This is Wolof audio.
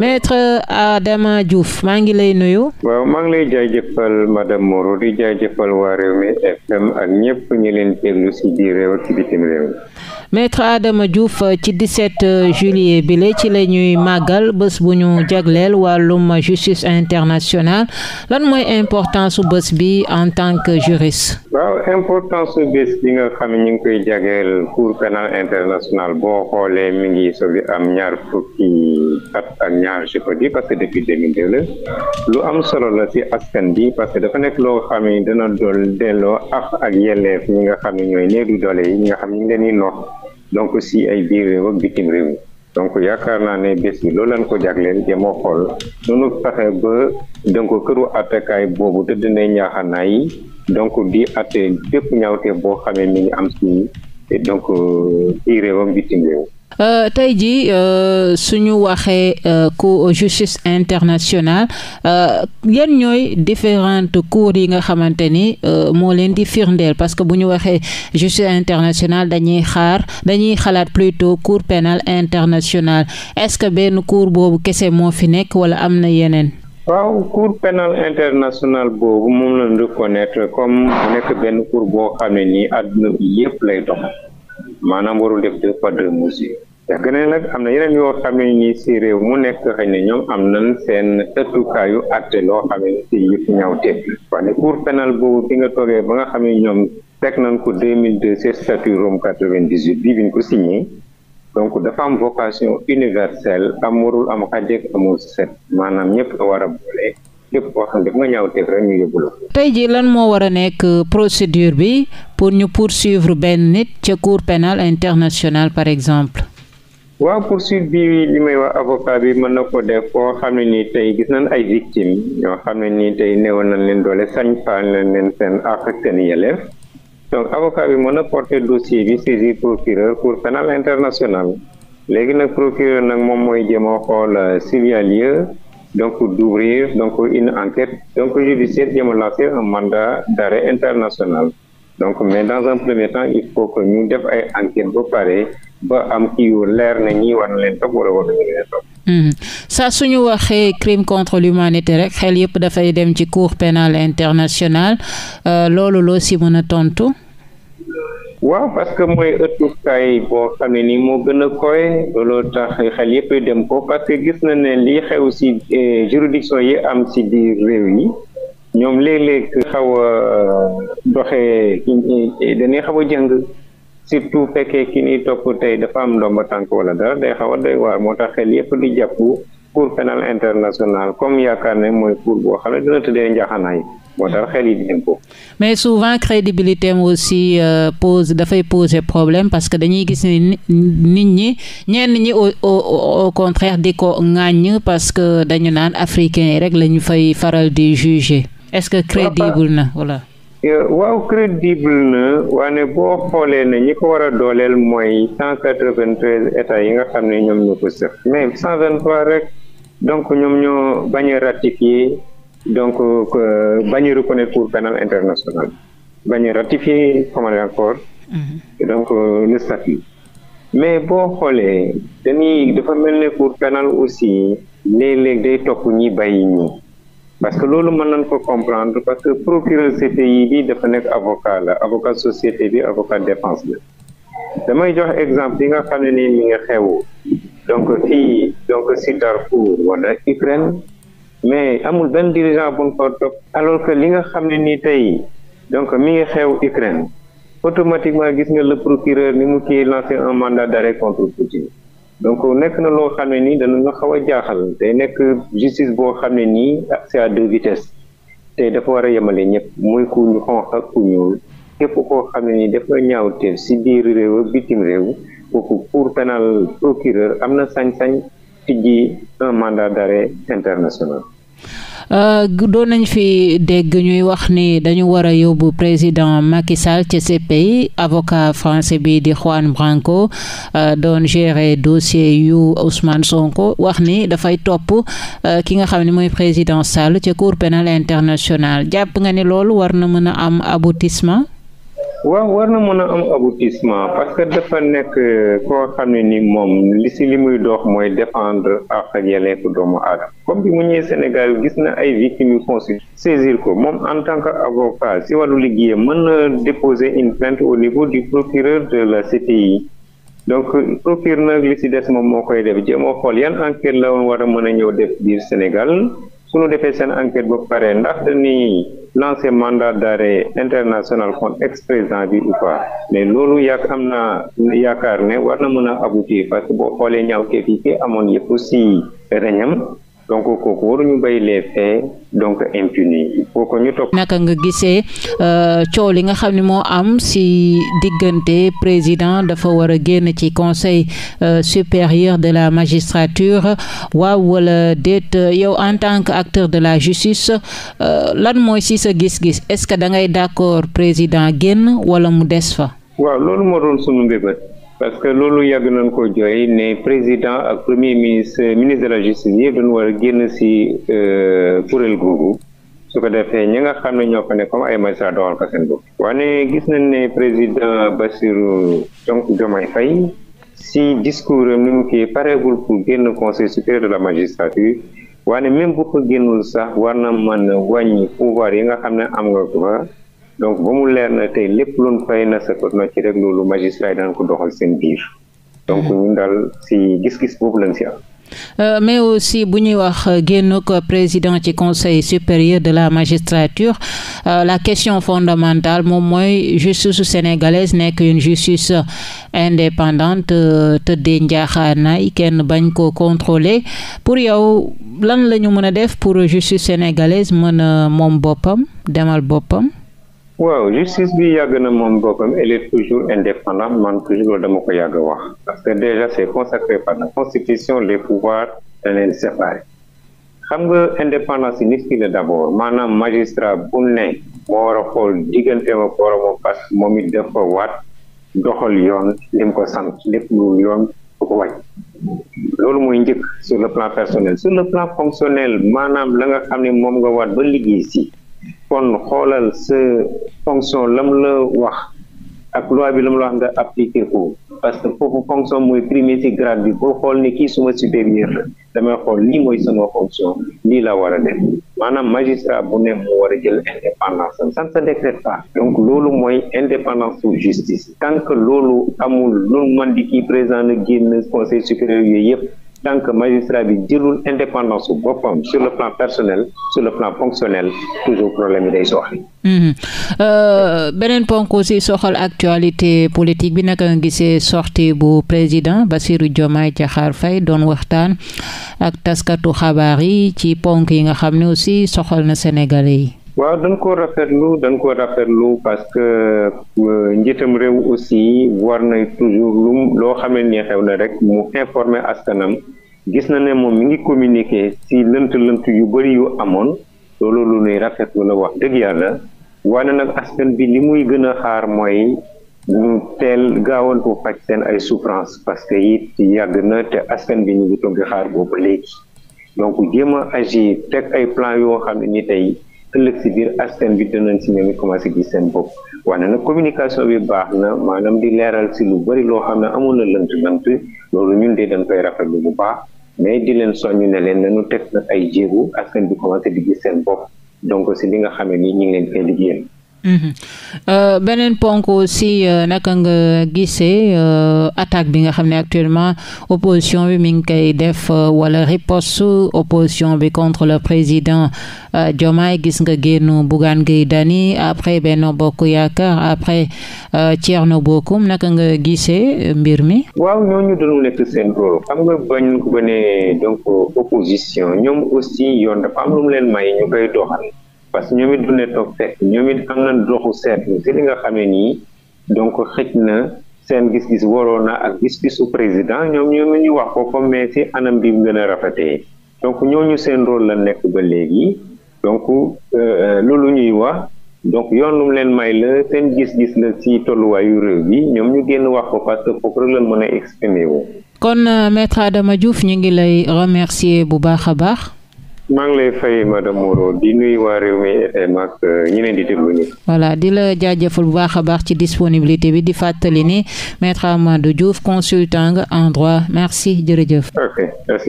maître Adama Diouf maa ngi lay nuyu. waaw maa ngi lay jaajëfal madame Moreau di jaajëfal waa Rewmi FM ak ñëpp ñu leen déglu ci biir réew ak ci bitim réew. maître Adama Diouf ci 17 juillet bi la ci la ñuy màggal bës bu ñu jagleel wàllum justice internationale lan mooy importance su bës bi en tant que juriste. waaw importance su bés bi nga xam ñu ngi koy jagleel cour pénale internationale boo xoolee mi ngi soog am ñaar fukki at ak archipel parce que depuis 2002 la lu am solo la ci askan bi parce que dafa nekk loo xam ne dana dool delloo af ak yelleef ñi nga xam ne ñooy néedu doole yi ñi nga xam ne ñu leen di nox donc si ay biir réew ak bitim réew donc yaakaar naa ne bés yi loolu lañ ko jagleel jéemoo xool nunu fexe ba donc këru attakaay boobu tëdd na ñaaxanaa yi donc di atte bépp ñaawte boo xamee mi ngi am si donc biir réewam bitim réew Euh, tey jii euh, suñu waxee euh, cour justice internationale yan ñooy différentes cours yi nga xamante ni moo leen di firndeel parce que bu ñu waxee justice internationale dañuy xaar dañuy xalaat plutôt cour pénale internationale est-ce que benn cour boobu kese moo fi nekk wala am na yeneen. waaw cour pénale internationale boobu moom lañ reconnaître comme mu nekk benn cour boo xam ne nii àdduna yëpp lay dox maanaam warul def deux poids deux ndax gën a nag am na yeneen yoo xam ne nii si réew mu nekk xëy na ñoom am nañ seen ëttukaayu àtte loo xam ne si yëpp ñaaw teeg waaye cour pénal boobu bi nga toogee ba nga xam ñoom teg nañ ko 2002 ci statut Rome 98 bii bi donc dafa am vocation universelle am am xàjjeeg amul set maanaam ñëpp war a boole lépp koo xam ne nga ñaaw teeg rek ñu yóbbu la. tey jii lan moo war a nekk euh, procédure bi pour ñu poursuivre benn nit ca cour pénal internationale par exemple. waaw poursuite bi li may wax avocat bi mën na ko def foo xam ne nii tey gis nañ ay victime ñoo xam ne nii tey néewoon nañ leen doole sañ faan nañ leen seen àq ak seen yelleef donc avocat bi mën na porter dossier bi saisir procureur pour penal international léegi nag procureur nag moom mooy jéem xool euh, s'il lieu donc d'ouvrir donc une enquête donc judiciaire jéem a lancer un mandat d'arrêt international donc mais dans un premier temps il faut que ñu def ay enquête ba pare ba am kii leer na ñii war na leen topp wala war na leen topp. Hmm. saa suñu waxee crime contre l'humanité rek xel yëpp dafay dem ci cour pénale internationale euh, loolu loo si mën a tontu. waaw parce que mooy ëttukaay boo xam nii moo gën a koy looloo tax xel yëpp dem ko parce que gis na ne li xew ci eh, juridiction yi am ci biir réew yi ñoom léeg-léeg xaw a euh, doxee eh, dañuy xaw a jàng surtout fekkee ki ni topp tey dafa am ndomba tànk wala dara day xaw a doy waar moo tax xel yépp di jàpp cour pénal international comme yaakaar ne mooy cour boo xam ne dina tëddee njaxanaay moo tax xel yi di ko. mais souvent crédibilité am aussi euh, pose dafay poser problème parce que dañuy gis ni nit ñi ñenn ñi au contraire di ko ŋàññ parce que dañu naan africain yi rek la ñu fay faral di juger est-ce que crédible na voilà. waaw crédible na waane boo xoolee ne ñi ko war a dooleel mooy cent quatre-vingt-treize états yi nga xam ne ñoom ñoo ko sëf mais cent vingt-trois rek donc ñoom ñoo bañ a ratifié donc bañ a reconnaître Cour pénale internationale bañ a ratifié comment encore donc euh, le statut mais boo xoolee dañuy dafa mel ne Cour pénale aussi léeg-léeg day topp ñi bàyyi ñi parce que loolu mën nañ ko comprendre parce que procureur CPI bi dafa nekk avocat la avocat société bi avocat défense la damay jox exemple yi nga xam ne nii mi nga xew donc fii donc si Darfour wala Ukraine mais amul benn dirigeant bu ñu ko topp alors que li nga xam ne nii tey donc mi ngi xew Ukraine automatiquement gis nga le procureur ni mu kii lancé un mandat d'arrêt contre Poutine donc nekk na loo xam ne nii dana xaw a jaaxal day nekk justice boo xam ne nii accès à deux te dafa war a yemale ñëpp muy ku ñu xonq ak ku ñu képp koo xam ne ni dafa ñaaw te si biir réew ak bitim réew kooku cour pénal procureur am na sañ-sañ tijji un mandat d'arrêt international Euh, doon nañ fi dégg ñuy wax ni dañu war a yóbbu président Macky Sall ci CPI avocat français bi di Juan Branco euh, doon gérer dossier yu Ousmane Sonko wax ni dafay topp euh, ki nga xam ne mooy président Sall ci cour pénale internationale jàpp nga ni loolu war na mën a am aboutissement. waaw war na mën a am aboutissement parce que dafa nekk euh, ko xam ne ni moom li si li muy dox mooy défendre ak ak yelleefu doomu aadama comme bi mu ñëwee Sénégal gis na ay victimes yu constitué saisir ko moom en tant que avocat si wàllu liggéey mën na déposer une plainte au niveau du procureur de la CPI donc euh, procureur na li si des moom moo koy def jéemoo xool yan enquête la woon war a mën a ñëw def biir Sénégal suñu defee seen enquête ba pare ndax nii lancé mandat daré international contre ex-président bi ou pas mais loolu yaak am na yaakaar ne war na mën a aboutir parce que boo xoolee ñaaw teef yi amoon yëpp aussi reñam donc kooku waruñu bàyyi les donc impunis kooku ñu topp. naka nga gisee euh, coow li nga xam ne moo am si diggante président dafa war a génn ci conseil euh, supérieur de la magistrature waaw wala déet yow en tant que acteur de la justice euh, lan mooy si sa gis-gis est-ce que da ngay d'accord président génn wala mu des fa. waaw loolu moo doon sunu mbébét. parce que loolu yàgg nañ ko jooy ne président ak premier ministre ministre de la justice yëpp dañu war a génn si euh, kuréel googu su ko defee ñi nga xam ne ñoo comme ay magistrat doxal ko seen bopp. wane gis nañ ne président Bassirou donc Diomaye Faye si discours am ni mu pareegul pour génn conseil supérieur de la magistrature wane même bu ko génnul sax war na mën pouvoir yi nga xam ne am nga ko donc ba mu leer na tey lépp luñ fay na sa kot ci rek loolu magistrat donc mhm. ñun daal si gis-gis boobu lañ euh, bu ñuy wax génn ko président ci conseil supérieur de la magistrature euh, la question fondamentale moom mooy justice sénégalaise nekk une justice indépendante euh, tëddee njaaxaanaay kenn bañ ko contrôler pour yow lan la ñu mën a def pour justice sénégalaise mën a moom boppam demal boppam waaw justice bi yàgg na moom boppam elle est toujours indépendante man toujours dama ko yàgg wax parce que déjà c'est consacré par la constitution les pouvoirs da leen séparé xam nga indépendance yi nit ki la d'abord maanaam magistrat bu ne moo war a xool diggante ma boromam parce que moom it dafa waat doxal yoon li ko sant lépp lu yoon bu ko wàcc loolu mooy njëkk sur le plan personnel sur le plan fonctionnel maanaam la nga xam ne moom nga waat ba liggéey si kon xoolal sa fonction lam la wax ak loi bi lam la wax nga appliquer ko parce que foofu fonction mooy premier ci grade bi boo xool ni kii suma supérieur la damay xool lii mooy sama fonction lii la war a def maanaam magistrat bu ne mu war a jël indépendance am ça ne se donc loolu mooy indépendance su justice tant que loolu amul lu man di kii président na génn conseil supérieur yooyu yëpp tant que magistrat bi jëlul indépendance su boppam sur le plan personnel sur le plan fonctionnel toujours problème yi day soxla. Mhm. Euh, beneen ponk aussi soxal actualité politique bi naka nga gisee sortie bu président Bassirou Diomaye Diakhar Faye doon waxtaan ak taskatu xabaar yi ci ponk yi nga xam ne aussi soxal na Sénégalais yi. waaw dañ ko rafetlu dañ ko lu parce que euh, njiitam réew aussi war na toujours lu loo xamee ni xew na rek mu informer askanam gis na ne moom mi ngi communiquer ci lënt-lënt yu bari yu amoon loolu lu nuy rafetlu la wax dëgg yàlla waaye nag askan bi li muy gën a xaar mooy ñu teel gaawantu faj seen ay souffrance parce que it yàgg na te askan bi ñu ngi xaar boobu léegi donc jéem a agir teg ay plan yoo xam ne ni tey. ëllëg si biir askan bi danañ si ñoom it commencé gis seen bopp waaye nag communication bi baax na maanaam di leeral si lu bëri loo xam ne amoon na lënt lënt loolu ñun de dañ koy rafetlu bu baax mais di leen soññ ne leen nañu teg nag ay jéego askan bi commencé di gis seen bopp donc si li nga xam ne nii ñu ngi leen koy liggéeyal Mhm. Euh, beneen ponk aussi euh, naka nga gisee euh, attaque bi nga xam ne actuellement opposition bi mi ngi koy def wala riposte opposition bi contre le président Diomaye gis nga génnu Bougane Gueye Dany après benn Bokk Yaakaar après Thierno Bocoum naka nga gisee mbir mi. waaw ñooñu doon nekk seen rôle xam nga bañ ko ba ne donc opposition ñoom aussi yoon dafa lu mu leen may ñu koy doxal. parce que ñoom it du ne toog fekk ñoom it am na doxu seetlu si li nga xamee nii donc xëj na seen gis-gis waroon na ak gis-gisu président ñoom ñoom ñu wax ko comme mais si anam bi mu gën a rafetee donc ñu seen rôle la nekk ba léegi donc euh, loolu ñuy wax donc yoon lu leen may la seen gis-gis la ci tolluwaayu réew bi ñoom ñu génn wax ko parce que foofu rek la mën a kon euh, maître Adama Diouf ñu ngi lay remercier bu baax a baax. maa ngi lay fay madame Moreau di nuyu waa Rewmi FM ak euh, ñi leen di déglu nii. voilà di la jaajëfal bu baax a baax ci disponibilité bi di fàttali ni maître Amadou Diouf consultant nga en droit merci jërëjëf.